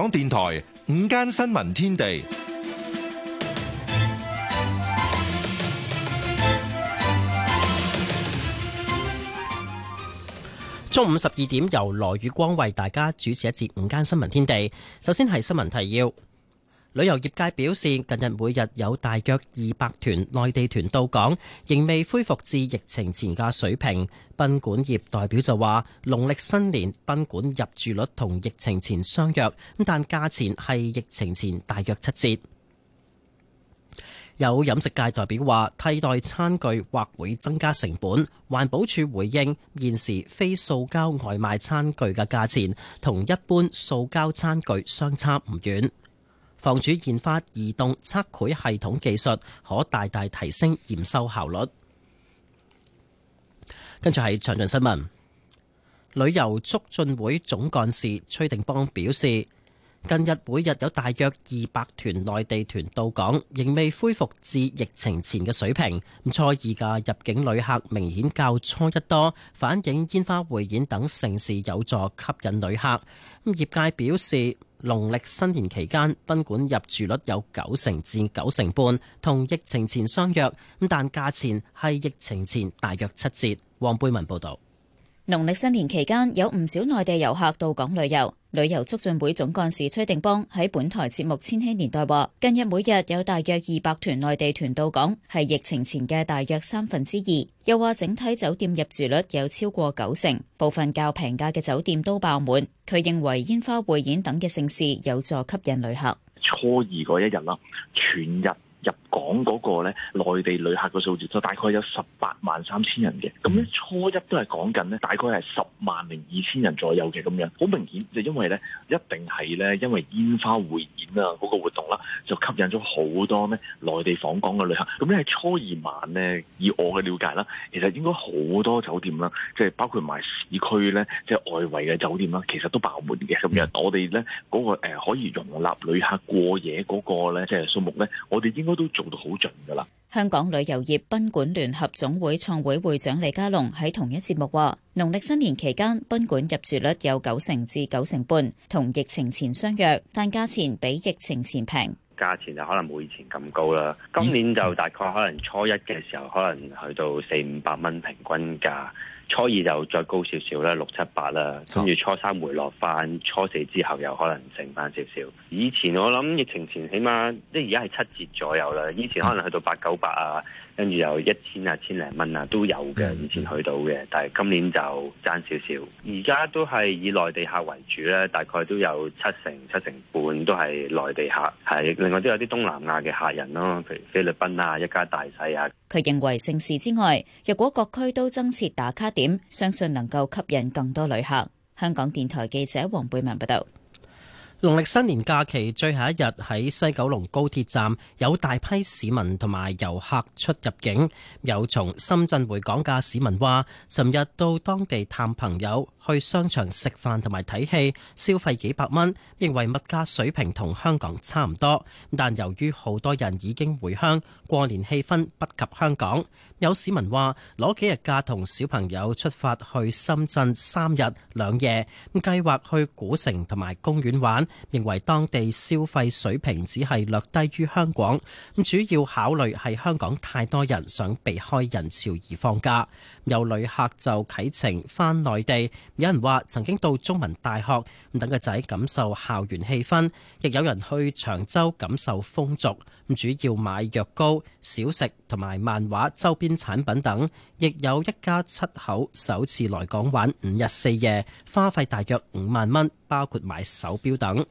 港電台午間新聞天地， 中午十二點由羅宇光為大家主持一節午間新聞天地。首先係新聞提要。旅遊業界表示，近日每日有大約二百團內地團到港，仍未恢復至疫情前嘅水平。賓館業代表就話，農曆新年賓館入住率同疫情前相約，但價錢係疫情前大約七折。有飲食界代表話，替代餐具或會增加成本。環保署回應，現時非塑膠外賣餐具嘅價錢同一般塑膠餐具相差唔遠。房主研發移動測繪系統技術，可大大提升驗收效率。跟住係詳盡新聞，旅遊促進會總幹事崔定邦表示。近日每日有大約二百團內地團到港，仍未恢復至疫情前嘅水平。咁初二嘅入境旅客明顯較初一多，反映煙花匯演等盛事有助吸引旅客。業界表示，農曆新年期間賓館入住率有九成至九成半，同疫情前相若，但價錢係疫情前大約七折。黃貝文報道。農曆新年期間有唔少內地遊客到港旅遊，旅遊促進會總幹事崔定邦喺本台節目《千禧年代》話：近日每日有大約二百團內地團到港，係疫情前嘅大約三分之二。又話整體酒店入住率有超過九成，部分較平價嘅酒店都爆滿。佢認為煙花匯演等嘅盛事有助吸引旅客。初二嗰一日啦，全日入。講嗰個咧，內地旅客嘅數字就大概有十八萬三千人嘅。咁咧初一都係講緊咧，大概係十萬零二千人左右嘅咁樣。好明顯就因為咧，一定係咧，因為煙花匯演啊嗰個活動啦，就吸引咗好多咧內地訪港嘅旅客。咁咧喺初二晚咧，以我嘅了解啦，其實應該好多酒店啦，即係包括埋市區咧，即係外圍嘅酒店啦，其實都爆滿嘅咁樣。我哋咧嗰個、呃、可以容納旅客過夜嗰個咧，即係數目咧，我哋應該都。做到好盡㗎喇！香港旅遊業賓館聯合總會創會會長李家龍喺同一節目話，農曆新年期間賓館入住率有九成至九成半，同疫情前相若，但價錢比疫情前平。價錢就可能冇以前咁高啦。今年就大概可能初一嘅時候，可能去到四五百蚊平均價。初二就再高少少啦，六七八啦，跟住初三回落翻，初四之後又可能剩翻少少。以前我諗疫情前起碼，即係而家係七折左右啦，以前可能去到八九八啊。跟住有一千啊，千零蚊啊，都有嘅，以前去到嘅，但係今年就爭少少。而家都係以內地客為主咧，大概都有七成七成半都係內地客，係另外都有啲東南亞嘅客人咯，譬如菲律賓啊，一家大細啊。佢認為盛事之外，若果各區都增設打卡點，相信能夠吸引更多旅客。香港電台記者黃貝文報道。農曆新年假期最後一日，喺西九龍高鐵站，有大批市民同埋遊客出入境，有從深圳回港嘅市民話，尋日到當地探朋友。去商場食飯同埋睇戲，消費幾百蚊，認為物價水平同香港差唔多。但由於好多人已經回鄉，過年氣氛不及香港。有市民話攞幾日假同小朋友出發去深圳三日兩夜，咁計劃去古城同埋公園玩，認為當地消費水平只係略低於香港。主要考慮係香港太多人想避開人潮而放假。有旅客就啟程返內地。有人話曾經到中文大學等個仔感受校園氣氛，亦有人去長洲感受風俗，主要買藥膏、小食同埋漫畫周邊產品等，亦有一家七口首次來港玩五日四夜，花費大約五萬蚊，包括買手表等。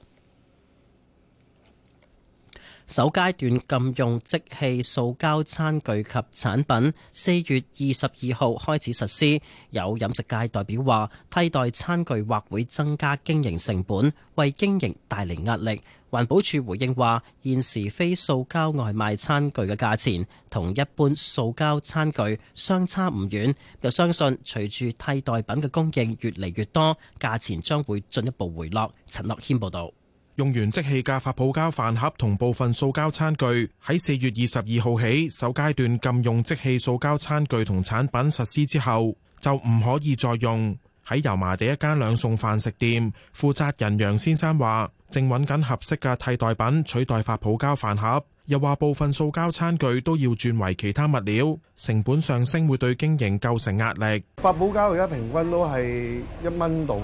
首階段禁用即棄塑膠餐具及產品，四月二十二號開始實施。有飲食界代表話替代餐具或會增加經營成本，為經營帶嚟壓力。環保署回應話現時非塑膠外賣餐具嘅價錢同一般塑膠餐具相差唔遠，又相信隨住替代品嘅供應越嚟越多，價錢將會進一步回落。陳樂謙報道。用完即棄嘅發泡膠飯盒同部分塑膠餐具，喺四月二十二號起首階段禁用即棄塑膠餐具同產品實施之後，就唔可以再用。喺油麻地一間兩餸飯食店，負責人楊先生話，正揾緊合適嘅替代品取代發泡膠飯盒，又話部分塑膠餐具都要轉為其他物料，成本上升會對經營構成壓力。發泡膠而家平均都係一蚊到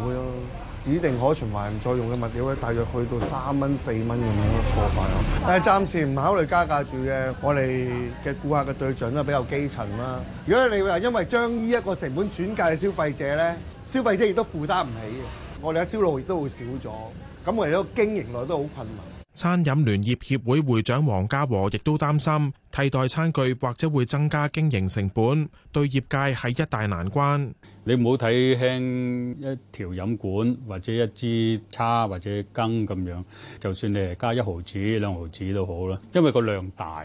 指定可循環再用嘅物料咧，大約去到三蚊四蚊咁樣一個塊咯。但係暫時唔考慮加價住嘅，我哋嘅顧客嘅對象都係比較基層啦。如果你話因為將呢一個成本轉嫁嘅消費者咧，消費者亦都負擔唔起嘅，我哋嘅銷路亦都會少咗，咁我哋都經營內都好困難。餐飲聯業協會會長黃家和亦都擔心，替代餐具或者會增加經營成本，對業界係一大難關。你唔好睇輕一條飲管或者一支叉或者羹咁樣，就算你係加一毫子兩毫子都好啦，因為個量大啊，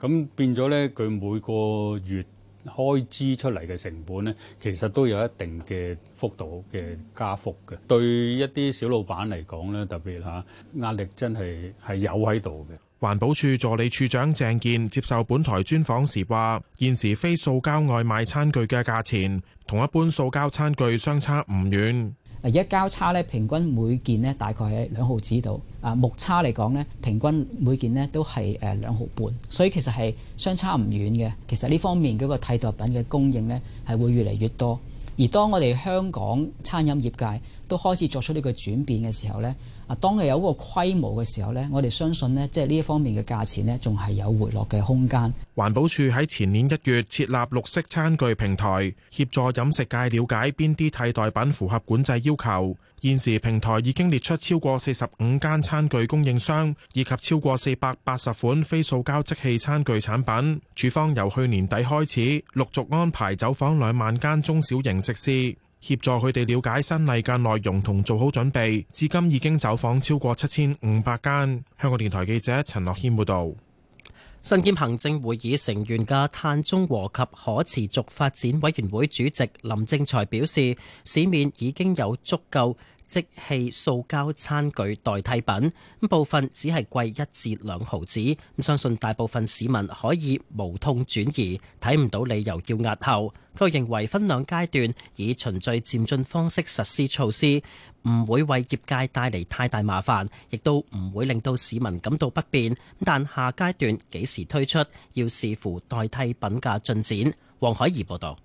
咁變咗咧，佢每個月。開支出嚟嘅成本呢，其實都有一定嘅幅度嘅加幅嘅，對一啲小老闆嚟講呢，特別嚇壓力真係係有喺度嘅。環保處助理處長鄭健接受本台專訪時話：現時非塑膠外賣餐具嘅價錢同一般塑膠餐具相差唔遠。而家交叉咧，平均每件咧大概係兩毫紙度。啊，目差嚟講咧，平均每件咧都係誒兩毫半，所以其實係相差唔遠嘅。其實呢方面嗰個替代品嘅供應咧，係會越嚟越多。而當我哋香港餐飲業界都開始作出呢個轉變嘅時候呢啊，當佢有嗰個規模嘅時候呢，我哋相信呢，即係呢一方面嘅價錢呢，仲係有回落嘅空間。環保署喺前年一月設立綠色餐具平台，協助飲食界了解邊啲替代品符合管制要求。現時平台已經列出超過四十五間餐具供應商，以及超過四百八十款非塑膠即棄餐具產品。處方由去年底開始，陸續安排走訪兩萬間中小型食肆，協助佢哋了解新例嘅內容同做好準備，至今已經走訪超過七千五百間，香港電台記者陳樂謙報道。身兼行政會議成員嘅碳中和及可持續發展委員會主席林正才表示，市面已經有足夠即棄塑膠餐具代替品，部分只係貴一至兩毫紙，相信大部分市民可以無痛轉移，睇唔到理由要押後，佢認為分兩階段以循序漸進方式實施措施，唔會為業界帶嚟太大麻煩，亦都唔會令到市民感到不便。但下階段幾時推出，要視乎代替品價進展。黃海怡報道。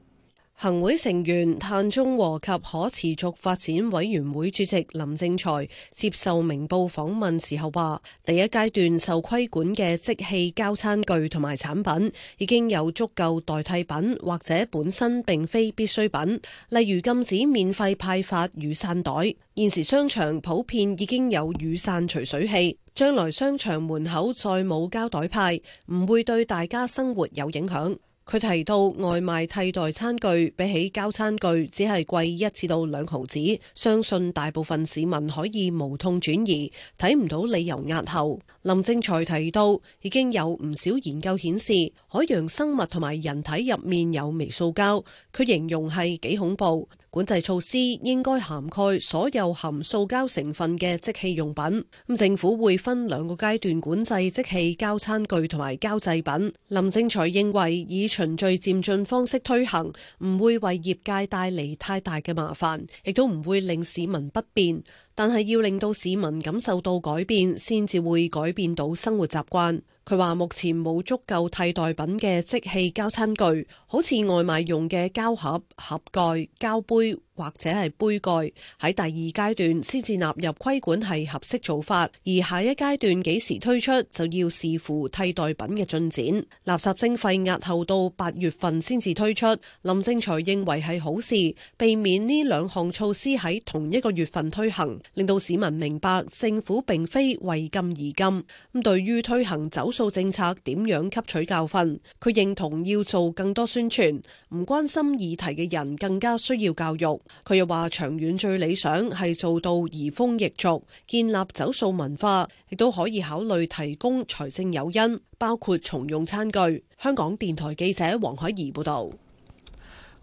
行會成員碳中和及可持續發展委員會主席林正財接受明報訪問時候話：第一階段受規管嘅即棄膠餐具同埋產品已經有足夠代替品，或者本身並非必需品，例如禁止免費派發雨傘袋。現時商場普遍已經有雨傘除水器，將來商場門口再冇膠袋派，唔會對大家生活有影響。佢提到外賣替代餐具比起膠餐具只係貴一至到兩毫子，相信大部分市民可以無痛轉移，睇唔到理由押後。林正財提到，已經有唔少研究顯示，海洋生物同埋人體入面有微塑膠。佢形容係幾恐怖，管制措施應該涵蓋所有含塑膠成分嘅即棄用品。政府會分兩個階段管制即棄膠餐具同埋膠製品。林正財認為，以循序漸進方式推行，唔會為業界帶嚟太大嘅麻煩，亦都唔會令市民不便。但係要令到市民感受到改變，先至會改變到生活習慣。佢話：目前冇足夠替代品嘅即棄膠餐具，好似外賣用嘅膠盒、盒蓋、膠杯。或者係杯蓋喺第二階段先至納入規管係合適做法，而下一階段幾時推出就要視乎替代品嘅進展。垃圾徵費押後到八月份先至推出。林正財認為係好事，避免呢兩項措施喺同一個月份推行，令到市民明白政府並非為禁而禁。咁對於推行走塑政策點樣吸取教訓，佢認同要做更多宣傳，唔關心議題嘅人更加需要教育。佢又話：長遠最理想係做到移風易俗，建立走塑文化，亦都可以考慮提供財政誘因，包括重用餐具。香港電台記者黃海怡報導。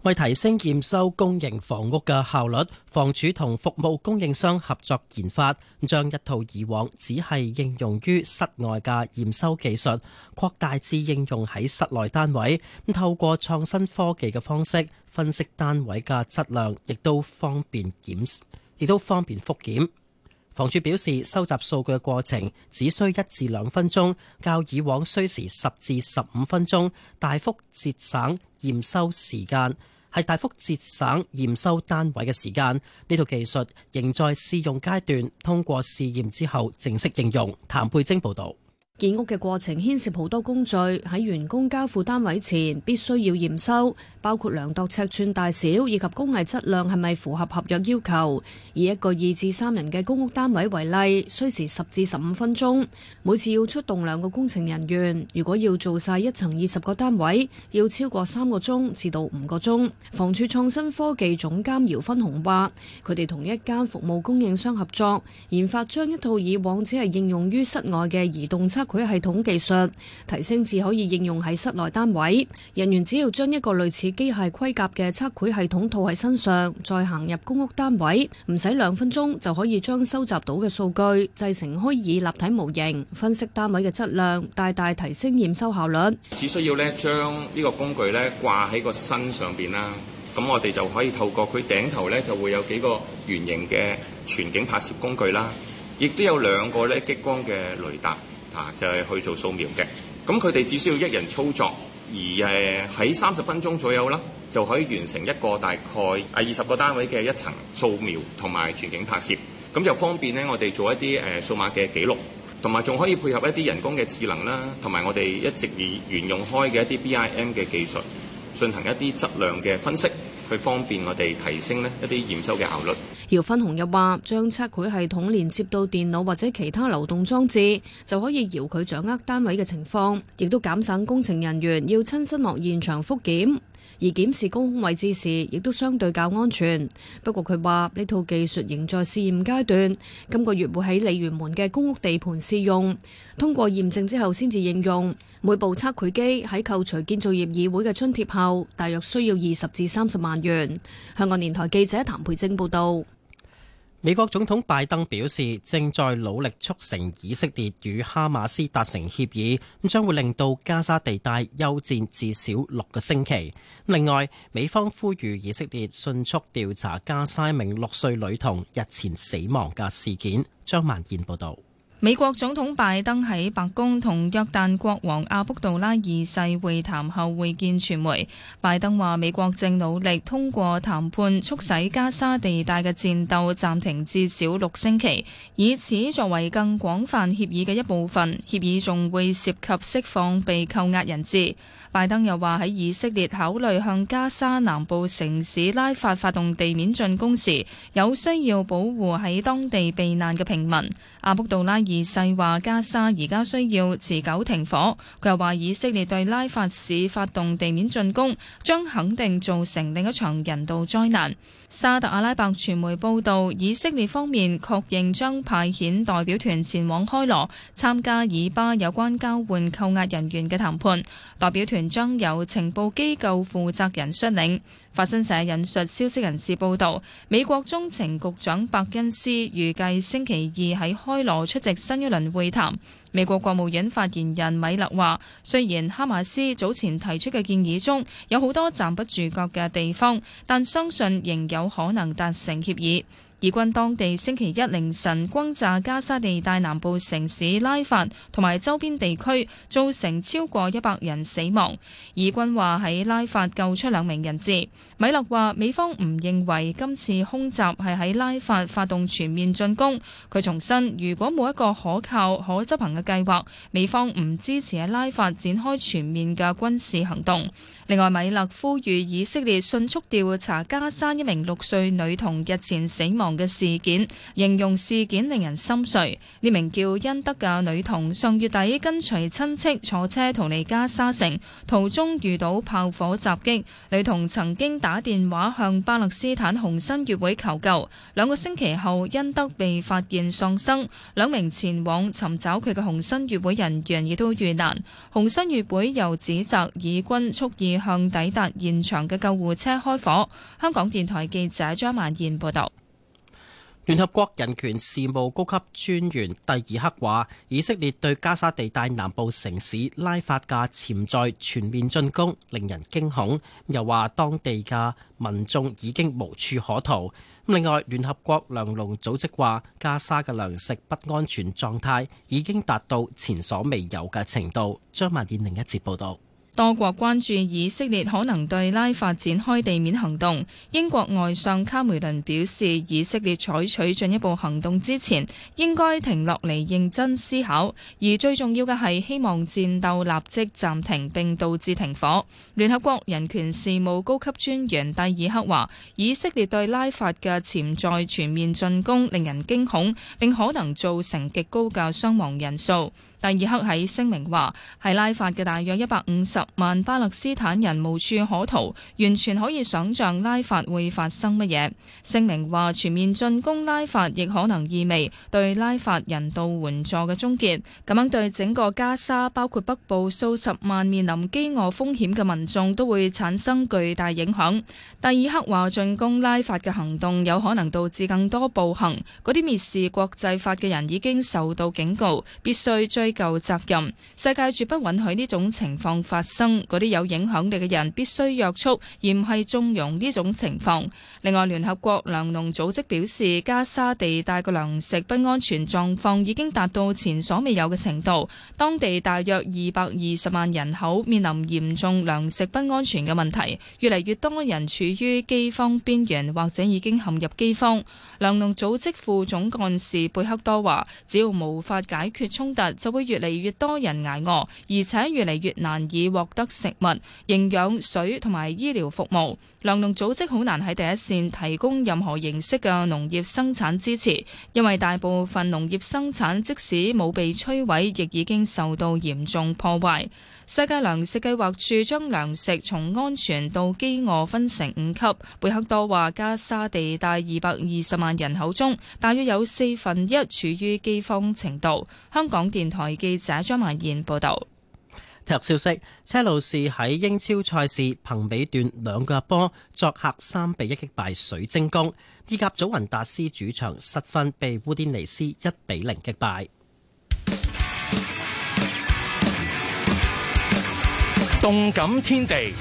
為提升驗收公營房屋嘅效率，房署同服務供應商合作研發，將一套以往只係應用於室外嘅驗收技術，擴大至應用喺室內單位。透過創新科技嘅方式，分析單位嘅質量，亦都方便檢，亦都方便複檢。房主署表示，收集數據嘅過程只需一至兩分鐘，較以往需時十至十五分鐘，大幅節省驗收時間，係大幅節省驗收單位嘅時間，呢套技術仍在試用階段，通過試驗之後正式應用。譚佩晶報道。建屋嘅過程牽涉好多工序，喺員工交付單位前，必須要驗收，包括量度，尺寸大小以及工藝質量係咪符合合約要求。以一個二至三人嘅公屋單位為例，需時十至十五分鐘，每次要出動兩個工程人員。如果要做晒一層二十個單位，要超過三個鐘至到五個鐘。房署創新科技總監姚芬紅話，佢哋同一間服務供應商合作，研發將一套以往只係應用於室外嘅移動測。佢系統技術提升至可以應用喺室內單位，人員只要將一個類似機械盔甲嘅測繪系統套喺身上，再行入公屋單位，唔使兩分鐘就可以將收集到嘅數據製成虛擬立體模型，分析單位嘅質量，大大提升驗收效率。只需要咧將呢個工具咧掛喺個身上邊啦，咁我哋就可以透過佢頂頭咧就會有幾個圓形嘅全景拍攝工具啦，亦都有兩個咧激光嘅雷達。啊，就係去做掃描嘅，咁佢哋只需要一人操作，而誒喺三十分鐘左右啦，就可以完成一個大概啊二十個單位嘅一層掃描同埋全景拍攝，咁就方便咧，我哋做一啲誒數碼嘅記錄，同埋仲可以配合一啲人工嘅智能啦，同埋我哋一直以沿用開嘅一啲 BIM 嘅技術，進行一啲質量嘅分析。去方便我哋提升呢一啲驗收嘅效率。姚芬紅又話，將測繪系統連接到電腦或者其他流動裝置，就可以遙距掌握單位嘅情況，亦都減省工程人員要親身落現場複檢。而檢視高空位置時，亦都相對較安全。不過佢話呢套技術仍在試驗階段，今個月會喺鯉魚門嘅公屋地盤試用，通過驗證之後先至應用。每部測繪機喺扣除建造業議會嘅津貼後，大約需要二十至三十萬元。香港電台記者譚培晶報導。美國總統拜登表示，正在努力促成以色列與哈馬斯達成協議，咁將會令到加沙地帶休戰至少六個星期。另外，美方呼籲以色列迅速調查加沙一名六歲女童日前死亡嘅事件。張萬燕報道。美國總統拜登喺白宮同約旦國王阿卜杜拉二世會談後會見傳媒。拜登話：美國正努力通過談判促使加沙地帶嘅戰鬥暫停至少六星期，以此作為更廣泛協議嘅一部分。協議仲會涉及釋放被扣押人質。拜登又話喺以色列考慮向加沙南部城市拉法發動地面進攻時，有需要保護喺當地避難嘅平民。阿卜杜拉二世話：加沙而家需要持久停火。佢又話：以色列對拉法市發動地面進攻，將肯定造成另一場人道災難。沙特阿拉伯傳媒報道，以色列方面確認將派遣代表團前往開羅，參加以巴有關交換扣押人員嘅談判。代表團將由情報機構負責人率領。法新社引述消息人士報道，美國中情局長伯恩斯預計星期二喺開羅出席新一輪會談。美國國務院發言人米勒話，雖然哈馬斯早前提出嘅建議中有好多站不住腳嘅地方，但相信仍有可能達成協議。以軍當地星期一凌晨轟炸加沙地帶南部城市拉法同埋周邊地區，造成超過一百人死亡。以軍話喺拉法救出兩名人質。米勒話：美方唔認為今次空襲係喺拉法發動全面進攻。佢重申，如果冇一個可靠可執行嘅計劃，美方唔支持喺拉法展開全面嘅軍事行動。另外，米勒呼籲以色列迅速調查加沙一名六歲女童日前死亡嘅事件，形容事件令人心碎。呢名叫恩德嘅女童上月底跟隨親戚坐車逃離加沙城，途中遇到炮火襲擊。女童曾經打電話向巴勒斯坦紅新月會求救。兩個星期後，恩德被發現喪生。兩名前往尋找佢嘅紅新月會人員亦都遇難。紅新月會又指責以軍蓄意向抵達現場嘅救護車開火。香港電台記者張曼燕報道。聯合國人權事務高級專員蒂爾克話：以色列對加沙地帶南部城市拉法嘅潛在全面進攻令人驚恐，又話當地嘅民眾已經無處可逃。另外，聯合國糧農組織話，加沙嘅糧食不安全狀態已經達到前所未有嘅程度。張曼燕另一節報導。多國關注以色列可能對拉法展開地面行動。英國外相卡梅倫表示，以色列採取進一步行動之前，應該停落嚟認真思考。而最重要嘅係希望戰鬥立即暫停並導致停火。聯合國人權事務高級專員戴爾克話，以色列對拉法嘅潛在全面進攻令人驚恐，並可能造成極高嘅傷亡人數。第二刻喺聲明話，係拉法嘅大約一百五十萬巴勒斯坦人無處可逃，完全可以想像拉法會發生乜嘢。聲明話，全面進攻拉法亦可能意味對拉法人道援助嘅終結，咁樣對整個加沙，包括北部數十萬面臨饑餓風險嘅民眾都會產生巨大影響。第二刻話，進攻拉法嘅行動有可能導致更多暴行，嗰啲蔑視國際法嘅人已經受到警告，必須最。機構責任，世界絕不允許呢種情況發生。嗰啲有影響力嘅人必須約束，而唔係縱容呢種情況。另外，聯合國糧農組織表示，加沙地帶嘅糧食不安全狀況已經達到前所未有嘅程度，當地大約二百二十萬人口面臨嚴重糧食不安全嘅問題，越嚟越多人處於饑荒邊緣或者已經陷入饑荒。糧農組織副總幹事貝克多話，只要無法解決衝突，就會越嚟越多人捱餓，而且越嚟越難以獲得食物、營養、水同埋醫療服務。糧農組織好難喺第一提供任何形式嘅農業生產支持，因為大部分農業生產即使冇被摧毀，亦已經受到嚴重破壞。世界糧食計劃署將糧食從安全到饑餓分成五級。貝克多話：加沙地帶二百二十萬人口中，大約有四分一處於饑荒程度。香港電台記者張曼燕報道。體育消息，車路士喺英超賽事憑尾段兩個入波，作客三比一擊敗水晶宮，以及祖雲達斯主場失分，被烏甸尼斯一比零擊敗。動感天地。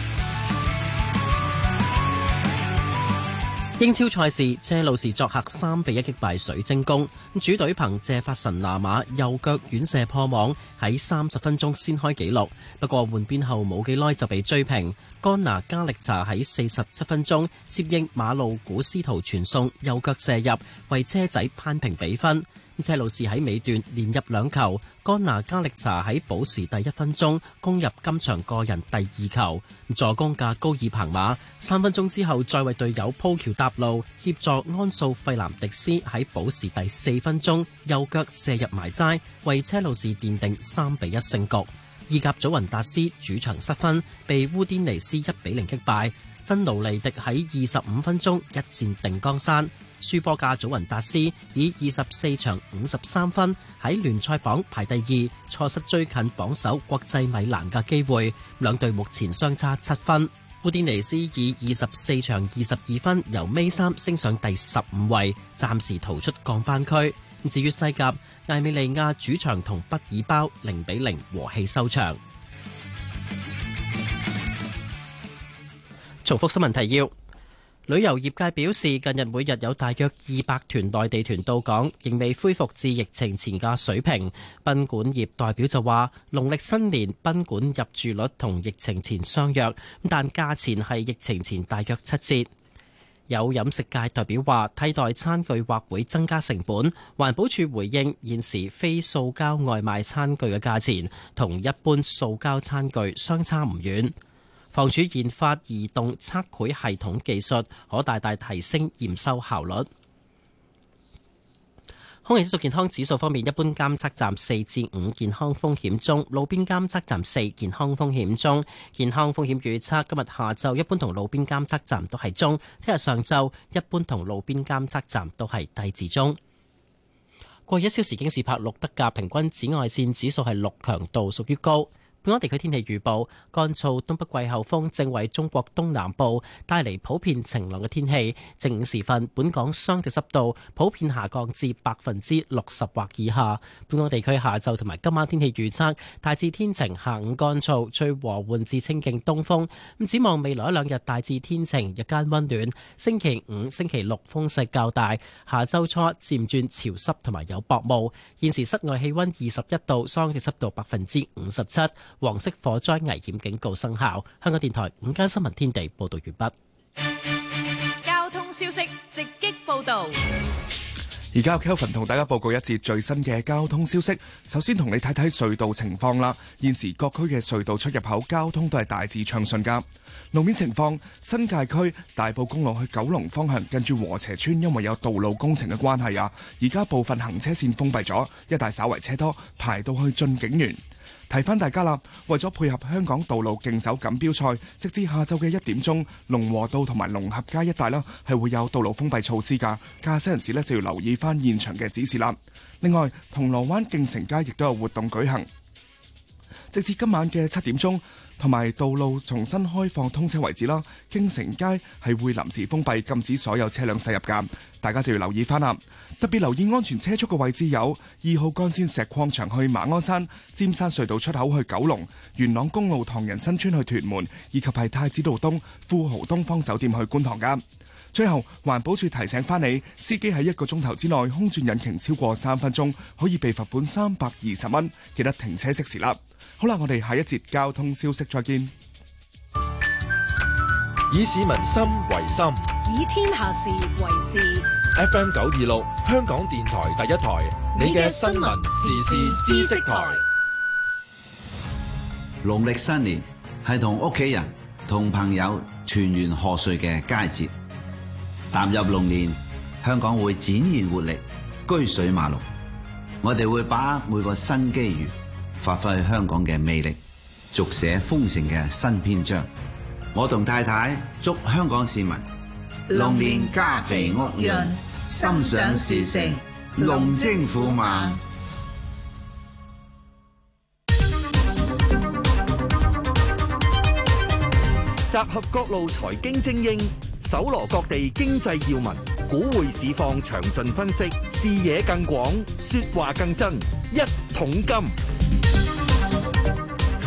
英超賽事，車路士作客三比一擊敗水晶宮。主隊憑借法神拿馬右腳遠射破網，喺三十分鐘先開紀錄。不過換邊後冇幾耐就被追平。干拿加力查喺四十七分鐘接應馬路古斯圖傳送右腳射入，為車仔扳平比分。車路士喺尾段連入兩球。安娜加力查喺補時第一分鐘攻入今場個人第二球，助攻嘅高爾彭馬，三分鐘之後再為隊友鋪橋搭路，協助安素費南迪斯喺補時第四分鐘右腳射入埋齋，為車路士奠定三比一勝局。意甲祖雲達斯主場失分，被烏甸尼斯一比零擊敗。真奴利迪喺二十五分鐘一戰定江山。輸波嘅，祖雲達斯以二十四場五十三分喺聯賽榜排第二，錯失追近榜首國際米蘭嘅機會。兩隊目前相差七分。烏丁尼斯以二十四場二十二分由尾三升上第十五位，暫時逃出降班區。至於西甲，艾美利亞主場同畢爾包零比零和氣收場。重覆新聞提要。旅遊業界表示，近日每日有大約二百團內地團到港，仍未恢復至疫情前嘅水平。賓館業代表就話，農曆新年賓館入住率同疫情前相約，但價錢係疫情前大約七折。有飲食界代表話，替代餐具或會增加成本。環保署回應，現時非塑膠外賣餐具嘅價錢同一般塑膠餐具相差唔遠。房署研發移動測繪系統技術，可大大提升驗收效率。空氣質素健康指數方面，一般監測站四至五健康風險中，路邊監測站四健康風險中。健康風險預測今日下晝一般同路邊監測站都係中，聽日上晝一般同路邊監測站都係低至中。過去一小時京士柏錄得嘅平均紫外線指數係六，強度屬於高。本港地區天氣預報：乾燥東北季候風正為中國東南部帶嚟普遍晴朗嘅天氣。正午時分，本港相對濕度普遍下降至百分之六十或以下。本港地區下晝同埋今晚天氣預測，大致天晴，下午乾燥，吹和緩至清勁東風。咁展望未來一兩日大致天晴，日間溫暖。星期五、星期六風勢較大，下週初漸轉潮濕同埋有薄霧。現時室外氣溫二十一度，相對濕度百分之五十七。黃色火災危險警告生效。香港電台午間新聞天地報道完畢。交通消息直擊報道。而家 Kelvin 同大家報告一節最新嘅交通消息。首先同你睇睇隧道情況啦。現時各區嘅隧道出入口交通都係大致暢順噶。路面情況，新界區大埔公路去九龍方向，近住禾輋村，因為有道路工程嘅關係啊，而家部分行車線封閉咗，一帶稍為車多，排到去駿景園。提翻大家啦，為咗配合香港道路競走錦標賽，直至下晝嘅一點鐘，龍和道同埋龍合街一帶啦，係會有道路封閉措施噶，駕駛人士呢就要留意翻現場嘅指示啦。另外，銅鑼灣競城街亦都有活動舉行，直至今晚嘅七點鐘。同埋道路重新開放通車為止啦，京城街係會臨時封閉禁止所有車輛駛入噶，大家就要留意翻啦。特別留意安全車速嘅位置有二號幹線石礦場去馬鞍山、尖山隧道出口去九龍、元朗公路唐人新村去屯門，以及係太子道東富豪東方酒店去觀塘噶。最後，環保署提醒翻你，司機喺一個鐘頭之內空轉引擎超過三分鐘，可以被罰款三百二十蚊，記得停車熄匙啦。好啦，我哋下一節交通消息再見。以市民心為心，以天下事為事。FM 九二六，香港電台第一台，你嘅新聞時事知識台。農曆新年係同屋企人、同朋友團圓賀歲嘅佳節。踏入龍年，香港會展現活力，居水馬龍。我哋會把握每個新機遇。發揮香港嘅魅力，續寫豐盛嘅新篇章。我同太太祝香港市民龍年家肥屋潤，心想事成，龍精虎猛。集合各路財經精英，搜羅各地經濟要聞，股匯市況詳盡分析，視野更廣，說話更真，一桶金。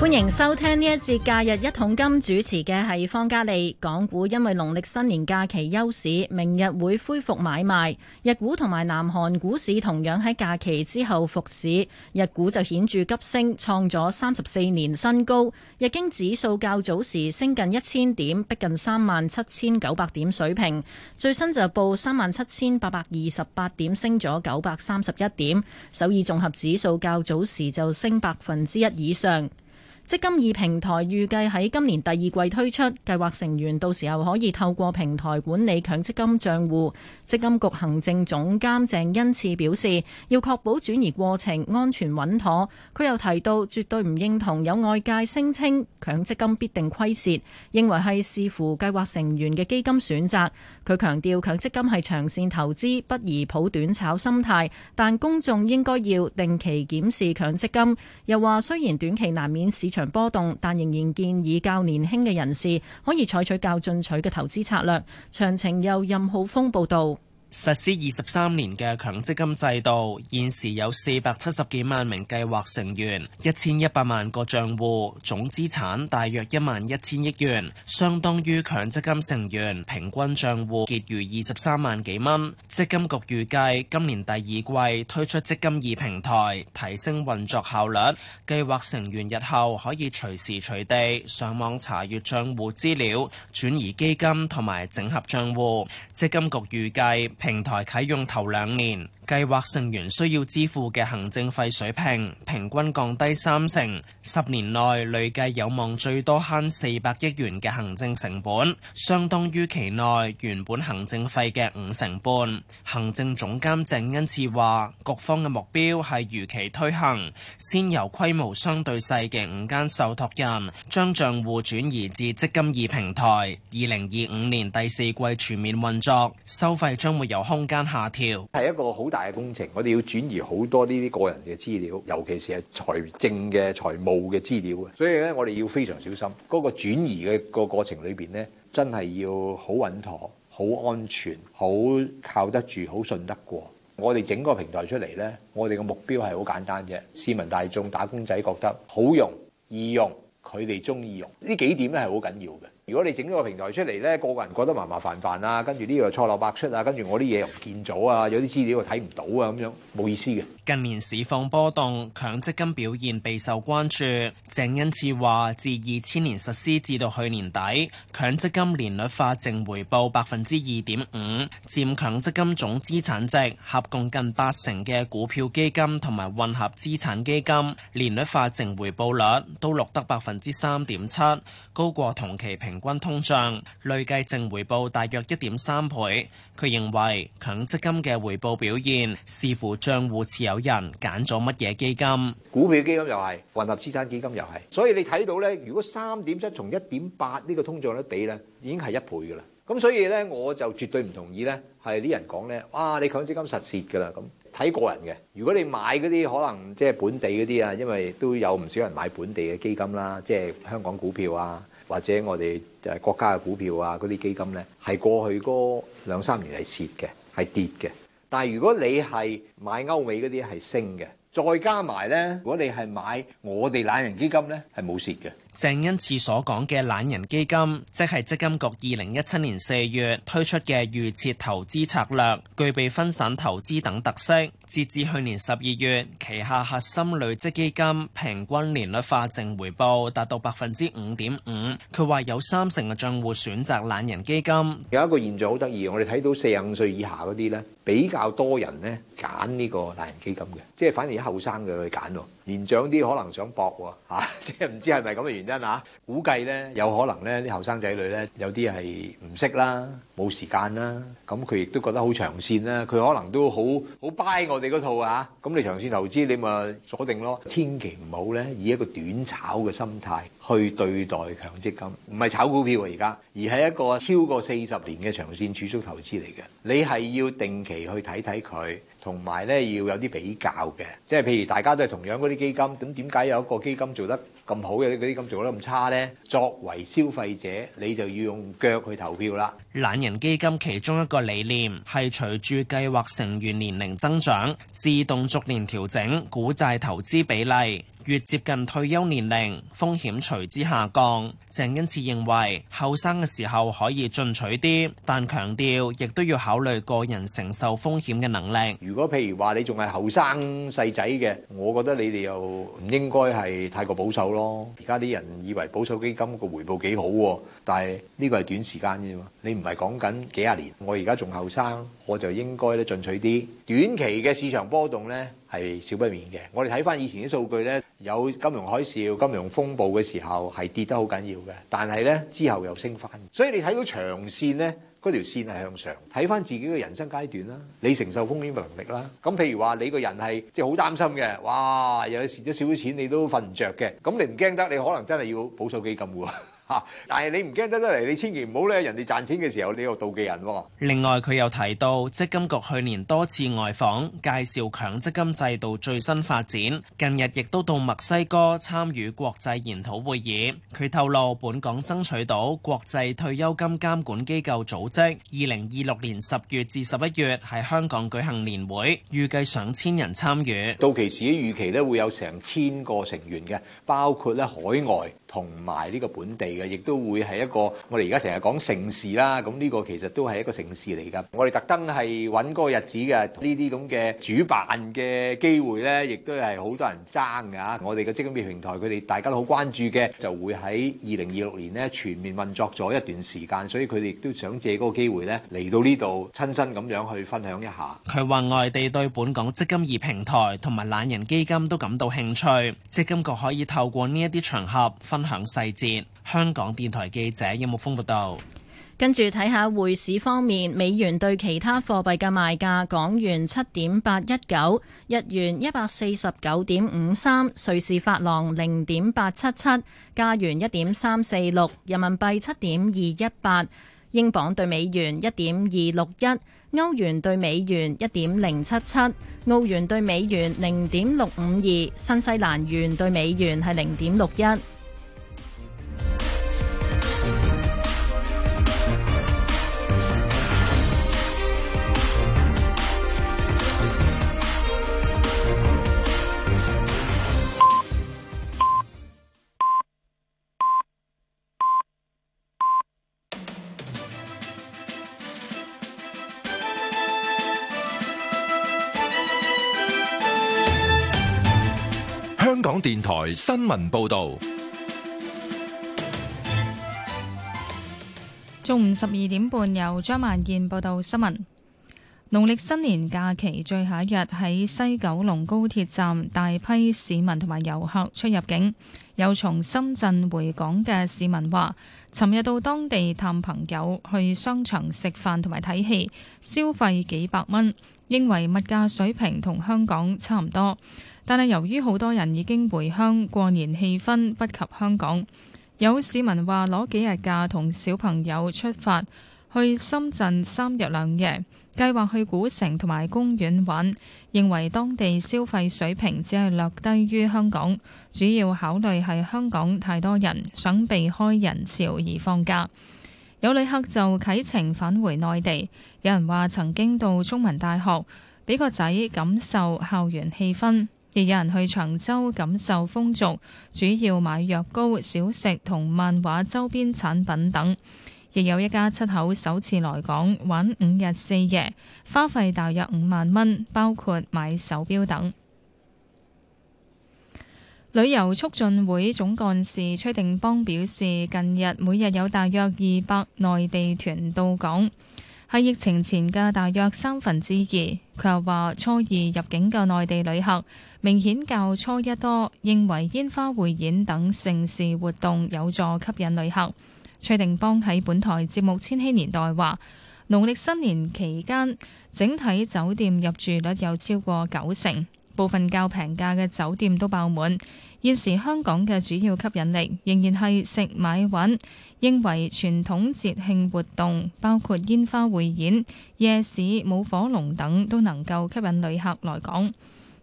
歡迎收聽呢一節假日一桶金主持嘅係方嘉利。港股因為農曆新年假期休市，明日會恢復買賣。日股同埋南韓股市同樣喺假期之後復市，日股就顯著急升，創咗三十四年新高。日經指數較早時升近一千點，逼近三萬七千九百點水平。最新就報三萬七千八百二十八點，升咗九百三十一點。首爾綜合指數較早時就升百分之一以上。積金二平台預計喺今年第二季推出，計劃成員到時候可以透過平台管理強積金賬戶。積金局行政總監鄭恩賜表示，要確保轉移過程安全穩妥。佢又提到，絕對唔認同有外界聲稱強積金必定虧蝕，認為係視乎計劃成員嘅基金選擇。佢強調，強積金係長線投資，不宜抱短炒心態。但公眾應該要定期檢視強積金。又話，雖然短期難免市場，波動，但仍然建議較年輕嘅人士可以採取較進取嘅投資策略。詳情由任浩峰報道。實施二十三年嘅強積金制度，現時有四百七十幾萬名計劃成員，一千一百萬個賬戶，總資產大約一萬一千億元，相當於強積金成員平均賬戶戶結餘二十三萬幾蚊。積金局預計今年第二季推出積金易平台，提升運作效率，計劃成員日後可以隨時隨地上網查閱賬戶資料、轉移基金同埋整合賬戶。積金局預計。平台啟用頭兩年，計劃成員需要支付嘅行政費水平平均降低三成，十年內累計有望最多慳四百億元嘅行政成本，相當於期內原本行政費嘅五成半。行政總監鄭恩賜話，各方嘅目標係如期推行，先由規模相對細嘅五間受託人將賬戶轉移至積金易平台，二零二五年第四季全面運作，收費將會有空間下調，係一個好大。大工程，我哋要轉移好多呢啲個人嘅資料，尤其是係財政嘅、財務嘅資料啊。所以咧，我哋要非常小心嗰個轉移嘅個過程裏邊咧，真係要好穩妥、好安全、好靠得住、好信得過。我哋整個平台出嚟咧，我哋嘅目標係好簡單啫，市民大眾、打工仔覺得好用、易用，佢哋中意用呢幾點咧，係好緊要嘅。如果你整咗個平台出嚟呢，個個人覺得麻麻煩煩啊，跟住呢個錯漏百出啊，跟住我啲嘢又唔見咗啊，有啲資料又睇唔到啊，咁樣冇意思嘅。近年市況波動，強積金表現備受關注。鄭恩慈話：自二千年實施至到去年底，強積金年率化淨回報百分之二點五，佔強積金總資產值合共近八成嘅股票基金同埋混合資產基金年率化淨回報率都錄得百分之三點七，高過同期平平均通脹累計淨回報大約一點三倍。佢認為強積金嘅回報表現視乎帳戶持有人揀咗乜嘢基金，股票基金又係混合資產基金又係。所以你睇到咧，如果三點七同一點八呢個通脹率比咧，已經係一倍噶啦。咁所以咧，我就絕對唔同意咧，係啲人講咧，哇！你強積金實蝕噶啦。咁睇個人嘅。如果你買嗰啲可能即係本地嗰啲啊，因為都有唔少人買本地嘅基金啦，即係香港股票啊。或者我哋誒國家嘅股票啊，嗰啲基金咧，係過去嗰兩三年係蝕嘅，係跌嘅。但係如果你係買歐美嗰啲，係升嘅，再加埋咧，如果你係買我哋懶人基金咧，係冇蝕嘅。鄭恩賜所講嘅懶人基金，即係積金局二零一七年四月推出嘅預設投資策略，具備分散投資等特色。截至去年十二月，旗下核心累積基金平均年率化淨回報達到百分之五點五。佢話有三成嘅賬戶選擇懶人基金。有一個現象好得意，我哋睇到四十五歲以下嗰啲咧，比較多人咧揀呢個懶人基金嘅，即係反而啲後生嘅去揀咯。年長啲可能想搏喎，嚇，即係唔知係咪咁嘅原因啊？估計呢，有可能呢啲後生仔女呢，有啲係唔識啦，冇時間啦，咁佢亦都覺得好長線啦，佢可能都好好 buy 我哋嗰套啊，咁你長線投資你咪鎖定咯，千祈唔好呢以一個短炒嘅心態去對待強積金，唔係炒股票啊而家，而係一個超過四十年嘅長線儲蓄投資嚟嘅，你係要定期去睇睇佢。同埋咧要有啲比較嘅，即係譬如大家都係同樣嗰啲基金，咁點解有一個基金做得咁好嘅，嗰啲基金做得咁差呢？作為消費者，你就要用腳去投票啦。懶人基金其中一個理念係隨住計劃成員年齡增長，自動逐年調整股債投資比例。越接近退休年齡，風險隨之下降。鄭恩賜認為，後生嘅時候可以進取啲，但強調亦都要考慮個人承受風險嘅能力。如果譬如話你仲係後生細仔嘅，我覺得你哋又唔應該係太過保守咯。而家啲人以為保守基金個回報幾好，但係呢個係短時間啫嘛。你唔係講緊幾廿年。我而家仲後生，我就應該咧進取啲。短期嘅市場波動咧，係少不免嘅。我哋睇翻以前啲數據咧，有金融海嘯、金融風暴嘅時候係跌得好緊要嘅，但係咧之後又升翻。所以你睇到長線咧，嗰條線係向上。睇翻自己嘅人生階段啦，你承受風險嘅能力啦。咁譬如話你個人係即係好擔心嘅，哇！有時咗少少錢你都瞓唔着嘅。咁你唔驚得，你可能真係要保守基金喎。但係你唔驚得得嚟，你千祈唔好咧，人哋賺錢嘅時候，你又妒忌人。另外，佢又提到，積金局去年多次外訪，介紹強積金制度最新發展。近日亦都到墨西哥參與國際研討會議。佢透露，本港爭取到國際退休金監管機構組織二零二六年十月至十一月喺香港舉行年會，預計上千人參與。到期時，預期咧會有成千個成員嘅，包括咧海外。同埋呢個本地嘅，亦都會係一個我哋而家成日講城市啦。咁呢個其實都係一個城市嚟㗎。我哋特登係揾嗰個日子嘅，呢啲咁嘅主辦嘅機會呢，亦都係好多人爭㗎。我哋嘅積金易平台，佢哋大家都好關注嘅，就會喺二零二六年呢全面運作咗一段時間，所以佢哋亦都想借嗰個機會呢嚟到呢度親身咁樣去分享一下。佢話外地對本港積金易平台同埋懶人基金都感到興趣，積金局可以透過呢一啲場合分分細節。香港電台記者任木峰報道，跟住睇下匯市方面，美元對其他貨幣嘅賣價：港元七點八一九，日元一百四十九點五三，瑞士法郎零點八七七，加元一點三四六，人民幣七點二一八，英鎊兌美元一點二六一，歐元兌美元一點零七七，澳元兌美元零點六五二，新西蘭元兌美元係零點六一。新聞報道。中午十二點半，由張萬燕報道新聞。農曆新年假期最後一日，喺西九龍高鐵站，大批市民同埋遊客出入境。有從深圳回港嘅市民話，尋日到當地探朋友，去商場食飯同埋睇戲，消費幾百蚊，認為物價水平同香港差唔多。但係由於好多人已經回鄉，過年氣氛不及香港。有市民話攞幾日假同小朋友出發去深圳三日兩夜，計劃去古城同埋公園玩，認為當地消費水平只係略低於香港，主要考慮係香港太多人，想避開人潮而放假。有旅客就啟程返回內地，有人話曾經到中文大學俾個仔感受校園氣氛。亦有人去長洲感受風俗，主要買藥膏、小食同漫畫周邊產品等。亦有一家七口首次來港玩五日四夜，花費大約五萬蚊，包括買手錶等。旅遊促進會總幹事崔定邦表示，近日每日有大約二百內地團到港。係疫情前嘅大約三分之二。佢又話：初二入境嘅內地旅客明顯較初一多，認為煙花匯演等盛事活動有助吸引旅客。崔定邦喺本台節目《千禧年代》話，農曆新年期間整體酒店入住率有超過九成。部分較平價嘅酒店都爆滿，現時香港嘅主要吸引力仍然係食買玩，認為傳統節慶活動包括煙花匯演、夜市、舞火龍等，都能夠吸引旅客來港。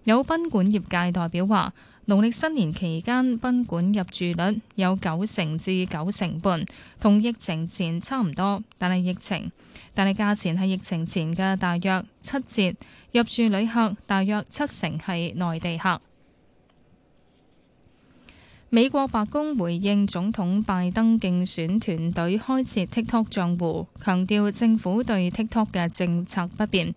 有賓館業界代表話，農曆新年期間賓館入住率有九成至九成半，同疫情前差唔多，但係疫情但係價錢係疫情前嘅大約七折。入住旅客大約七成係內地客。美國白宮回應總統拜登競選團隊開設 TikTok 賬戶，強調政府對 TikTok 嘅政策不變。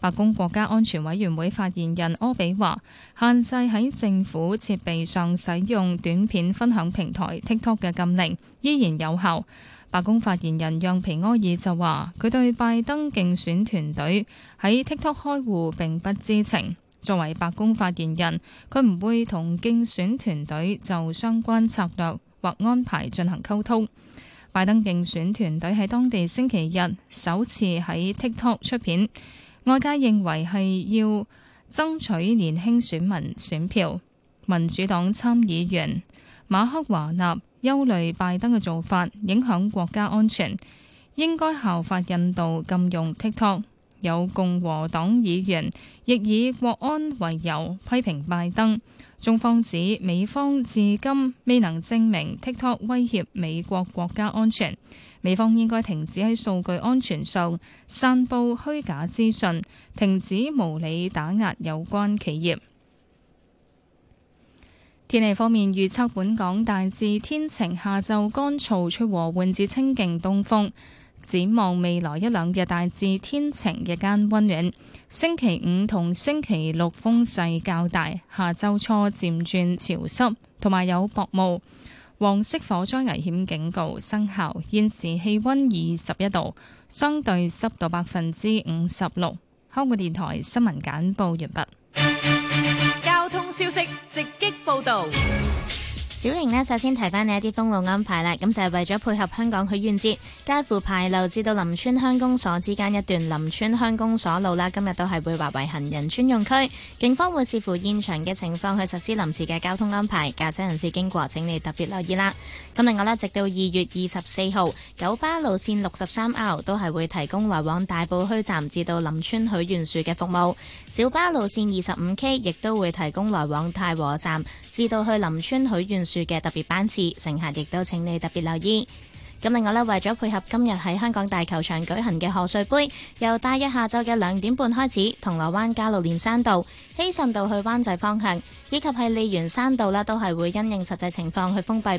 白宮國家安全委員會發言人柯比話，限制喺政府設備上使用短片分享平台 TikTok 嘅禁令依然有效。白宮發言人讓皮埃爾就話，佢對拜登競選團隊喺 TikTok 開戶並不知情。作為白宮發言人，佢唔會同競選團隊就相關策略或安排進行溝通。拜登競選團隊喺當地星期日首次喺 TikTok 出片，外界認為係要爭取年輕選民選票。民主黨參議員。馬克華納憂慮拜登嘅做法影響國家安全，應該效法印度禁用 TikTok。有共和黨議員亦以國安為由批評拜登。中方指美方至今未能證明 TikTok 威脅美國國家安全，美方應該停止喺數據安全上散佈虛假資訊，停止無理打壓有關企業。天氣方面預測，本港大致天晴，下晝乾燥，出和緩至清勁東風。展望未來一兩日，大致天晴，日間溫暖。星期五同星期六風勢較大，下週初漸轉潮濕，同埋有薄霧。黃色火災危險警告生效。現時氣溫二十一度，相對濕度百分之五十六。香港電台新聞簡報完畢。消息直擊報導。小玲呢，首先提翻你一啲封路安排啦，咁就係、是、為咗配合香港許願節，介乎牌樓至到林村鄉公所之間一段林村鄉公所路啦，今日都係會劃為行人專用區，警方會視乎現場嘅情況去實施臨時嘅交通安排，駕車人士經過請你特別留意啦。咁另外呢，直到二月二十四號，九巴路線六十三 R 都係會提供來往大埔墟站至到林村許願樹嘅服務，小巴路線二十五 K 亦都會提供來往太和站至到去林村許願樹嘅特別班次，乘客亦都請你特別留意。咁另外咧，為咗配合今日喺香港大球場舉行嘅賀歲杯，由大約下晝嘅兩點半開始，銅鑼灣加路連山道、希慎道去灣仔方向，以及喺利園山道啦，都係會因應實際情況去封閉。